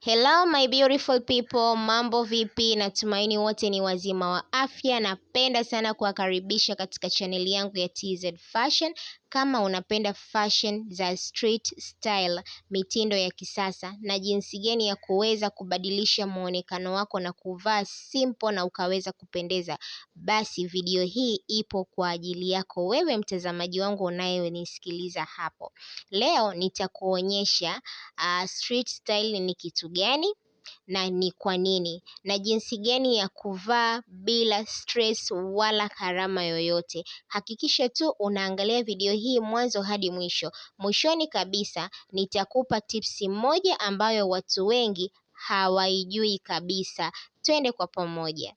Hello my beautiful people, mambo vipi? Natumaini wote ni wazima wa afya. Napenda sana kuwakaribisha katika chaneli yangu ya TZ Fashion. Kama unapenda fashion za street style, mitindo ya kisasa na jinsi gani ya kuweza kubadilisha muonekano wako na kuvaa simpo na ukaweza kupendeza, basi video hii ipo kwa ajili yako wewe mtazamaji wangu unayenisikiliza hapo. Leo nitakuonyesha ah, street style ni kitu gani na ni kwa nini na jinsi gani ya kuvaa bila stress wala gharama yoyote. Hakikisha tu unaangalia video hii mwanzo hadi mwisho. Mwishoni kabisa nitakupa tipsi moja ambayo watu wengi hawaijui kabisa. Twende kwa pamoja.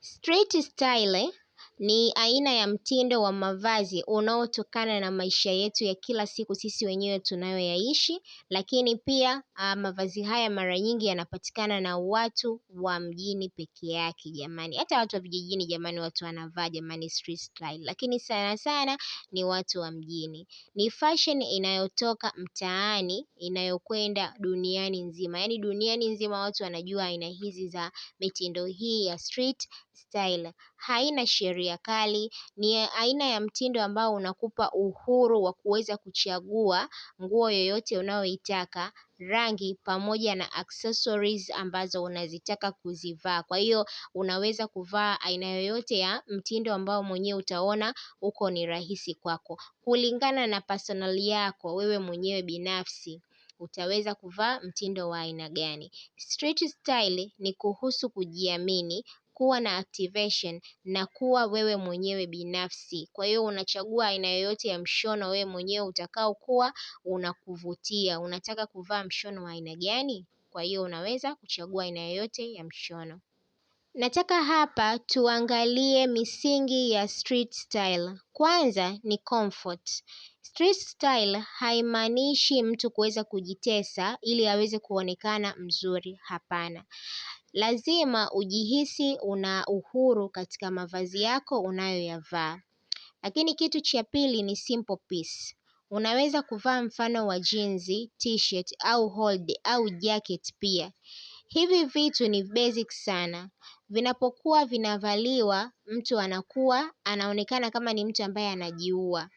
Street style ni aina ya mtindo wa mavazi unaotokana na maisha yetu ya kila siku sisi wenyewe tunayoyaishi lakini pia mavazi haya mara nyingi yanapatikana na watu wa mjini peke yake jamani, hata watu wa vijijini jamani watu wanavaa jamani street style lakini sana sana ni watu wa mjini. Ni fashion inayotoka mtaani inayokwenda duniani nzima, yaani duniani nzima watu wanajua aina hizi za mitindo hii ya street style. Haina sheria ya kali ni aina ya mtindo ambao unakupa uhuru wa kuweza kuchagua nguo yoyote unayoitaka rangi pamoja na accessories ambazo unazitaka kuzivaa kwa hiyo unaweza kuvaa aina yoyote ya mtindo ambao mwenyewe utaona uko ni rahisi kwako kulingana na personal yako wewe mwenyewe binafsi utaweza kuvaa mtindo wa aina gani street style ni kuhusu kujiamini kuwa na activation na kuwa wewe mwenyewe binafsi. Kwa hiyo unachagua aina yoyote ya mshono wewe mwenyewe utakao kuwa unakuvutia. Unataka kuvaa mshono wa aina gani? Kwa hiyo unaweza kuchagua aina yoyote ya mshono. Nataka hapa tuangalie misingi ya street style. Kwanza ni comfort. Street style haimaanishi mtu kuweza kujitesa ili aweze kuonekana mzuri, hapana. Lazima ujihisi una uhuru katika mavazi yako unayoyavaa. Lakini kitu cha pili ni simple piece. Unaweza kuvaa mfano wa jinzi, t-shirt au hoodie au jacket pia. Hivi vitu ni basic sana. Vinapokuwa vinavaliwa mtu anakuwa anaonekana kama ni mtu ambaye anajiua.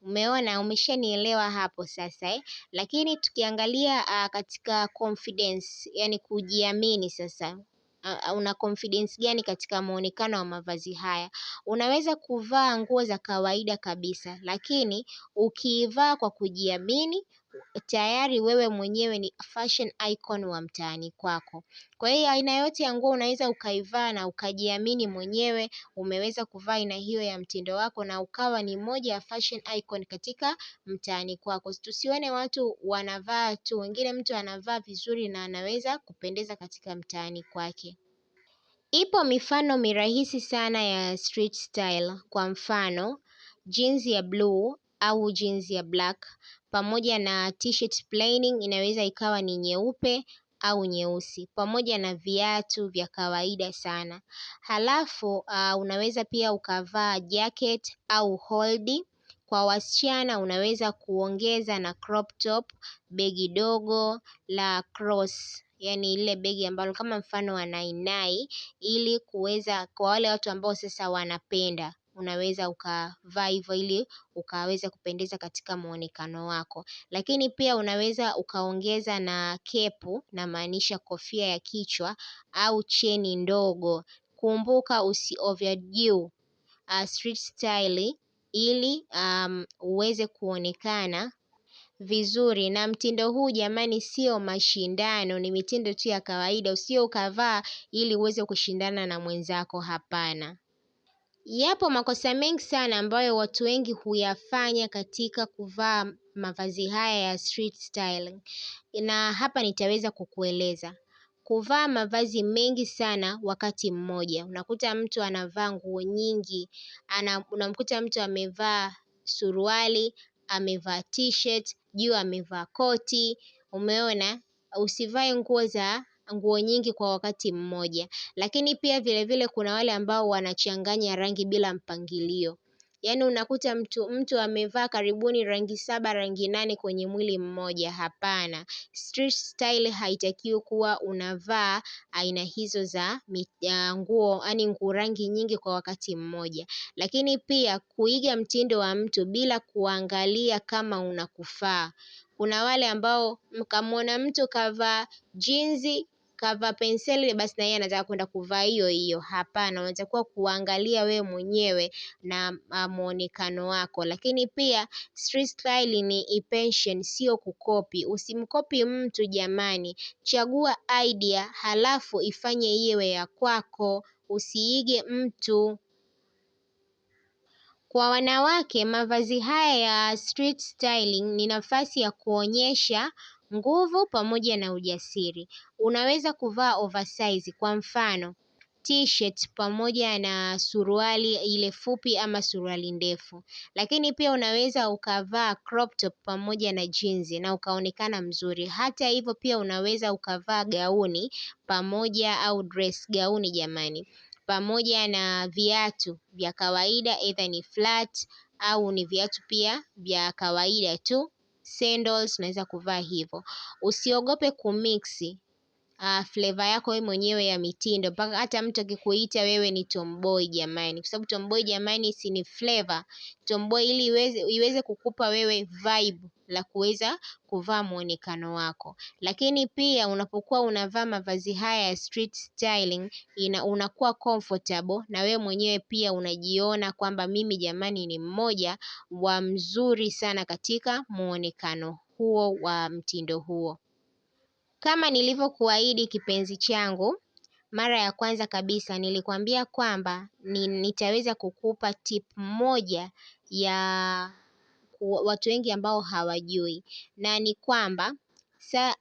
Umeona, umeshanielewa hapo sasa eh? Lakini tukiangalia uh, katika confidence, yani kujiamini sasa Uh, una confidence gani katika muonekano wa mavazi haya? Unaweza kuvaa nguo za kawaida kabisa, lakini ukiivaa kwa kujiamini tayari wewe mwenyewe ni fashion icon wa mtaani kwako. Kwa hiyo aina yote ya nguo unaweza ukaivaa na ukajiamini mwenyewe umeweza kuvaa aina hiyo ya mtindo wako na ukawa ni moja ya fashion icon katika mtaani kwako. Tusione watu wanavaa tu, wengine mtu anavaa vizuri na anaweza kupendeza katika mtaani kwake. Ipo mifano mirahisi sana ya street style kwa mfano jeans ya bluu au jeans ya black pamoja na t-shirt lining inaweza ikawa ni nyeupe au nyeusi pamoja na viatu vya kawaida sana. Halafu ah, unaweza pia ukavaa jacket au holdi. Kwa wasichana unaweza kuongeza na crop top, begi dogo la cross yaani lile begi ambalo kama mfano wa nainai ili kuweza kwa wale watu ambao sasa wanapenda unaweza ukavaa hivo ili ukaweze kupendeza katika muonekano wako. Lakini pia unaweza ukaongeza na kepu namaanisha kofia ya kichwa au cheni ndogo. Kumbuka usi overdo street style ili uweze kuonekana vizuri na mtindo huu jamani sio mashindano ni mitindo tu ya kawaida usio ukavaa ili uweze kushindana na mwenzako hapana. Yapo makosa mengi sana ambayo watu wengi huyafanya katika kuvaa mavazi haya ya street style na hapa nitaweza kukueleza. Kuvaa mavazi mengi sana wakati mmoja. Unakuta mtu anavaa nguo nyingi, unamkuta mtu amevaa suruali, amevaa t-shirt, juu amevaa koti, umeona? Usivae nguo za nguo nyingi kwa wakati mmoja lakini pia vile vile kuna wale ambao wanachanganya rangi bila mpangilio yaani unakuta mtu mtu amevaa karibuni rangi saba rangi nane kwenye mwili mmoja hapana street style haitakiwi kuwa unavaa aina hizo za nguo yaani rangi nyingi kwa wakati mmoja lakini pia kuiga mtindo wa mtu bila kuangalia kama unakufaa kuna wale ambao mkamwona mtu kavaa jinzi kavaa penseli basi na yeye anataka kwenda kuvaa hiyo hiyo. Hapana, unatakiwa kuangalia wewe mwenyewe na ah, muonekano wako, lakini pia street style ni intention, sio kukopi. Usimkopi mtu jamani, chagua idea halafu ifanye iwe ya kwako, usiige mtu. Kwa wanawake mavazi haya ya street styling ni nafasi ya kuonyesha nguvu pamoja na ujasiri. Unaweza kuvaa oversize kwa mfano t-shirt pamoja na suruali ile fupi ama suruali ndefu, lakini pia unaweza ukavaa crop top pamoja na jeans na ukaonekana mzuri. Hata hivyo pia unaweza ukavaa gauni pamoja au dress gauni jamani, pamoja na viatu vya kawaida either ni flat au ni viatu pia vya kawaida tu sandals unaweza kuvaa hivo. Usiogope kumix Ah, fleva yako wewe mwenyewe ya mitindo mpaka hata mtu akikuita wewe ni tomboy jamani, kwa sababu tomboy jamani si ni flavor Tomboy ili iweze, iweze kukupa wewe vibe la kuweza kuvaa muonekano wako, lakini pia unapokuwa unavaa mavazi haya ya street styling ina, unakuwa comfortable na wewe mwenyewe pia unajiona kwamba mimi jamani ni mmoja wa mzuri sana katika muonekano huo wa mtindo huo. Kama nilivyokuahidi kipenzi changu, mara ya kwanza kabisa nilikuambia kwamba nitaweza kukupa tip moja ya watu wengi ambao hawajui na ni kwamba sa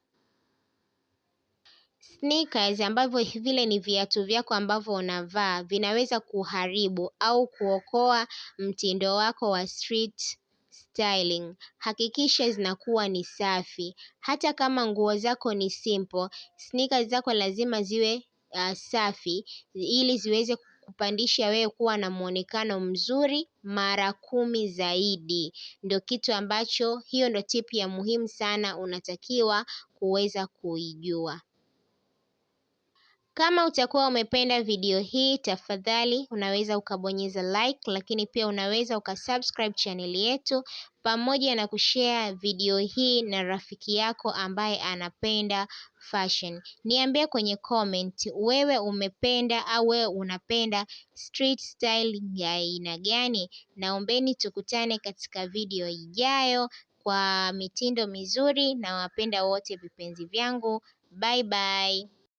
sneakers ambavyo vile ni viatu vyako ambavyo unavaa vinaweza kuharibu au kuokoa mtindo wako wa street styling hakikisha zinakuwa ni safi hata kama nguo zako ni simple sneakers zako lazima ziwe ah, safi ili ziweze kukupandisha wewe kuwa na muonekano mzuri mara kumi zaidi ndo kitu ambacho hiyo ndo tip ya muhimu sana unatakiwa kuweza kuijua kama utakuwa umependa video hii tafadhali unaweza ukabonyeza like lakini pia unaweza ukasubscribe chaneli yetu pamoja na kushare video hii na rafiki yako ambaye anapenda fashion. Niambie kwenye comment wewe umependa au wewe unapenda street style ya aina gani? Naombeni tukutane katika video ijayo kwa mitindo mizuri nawapenda wote vipenzi vyangu. Bye bye.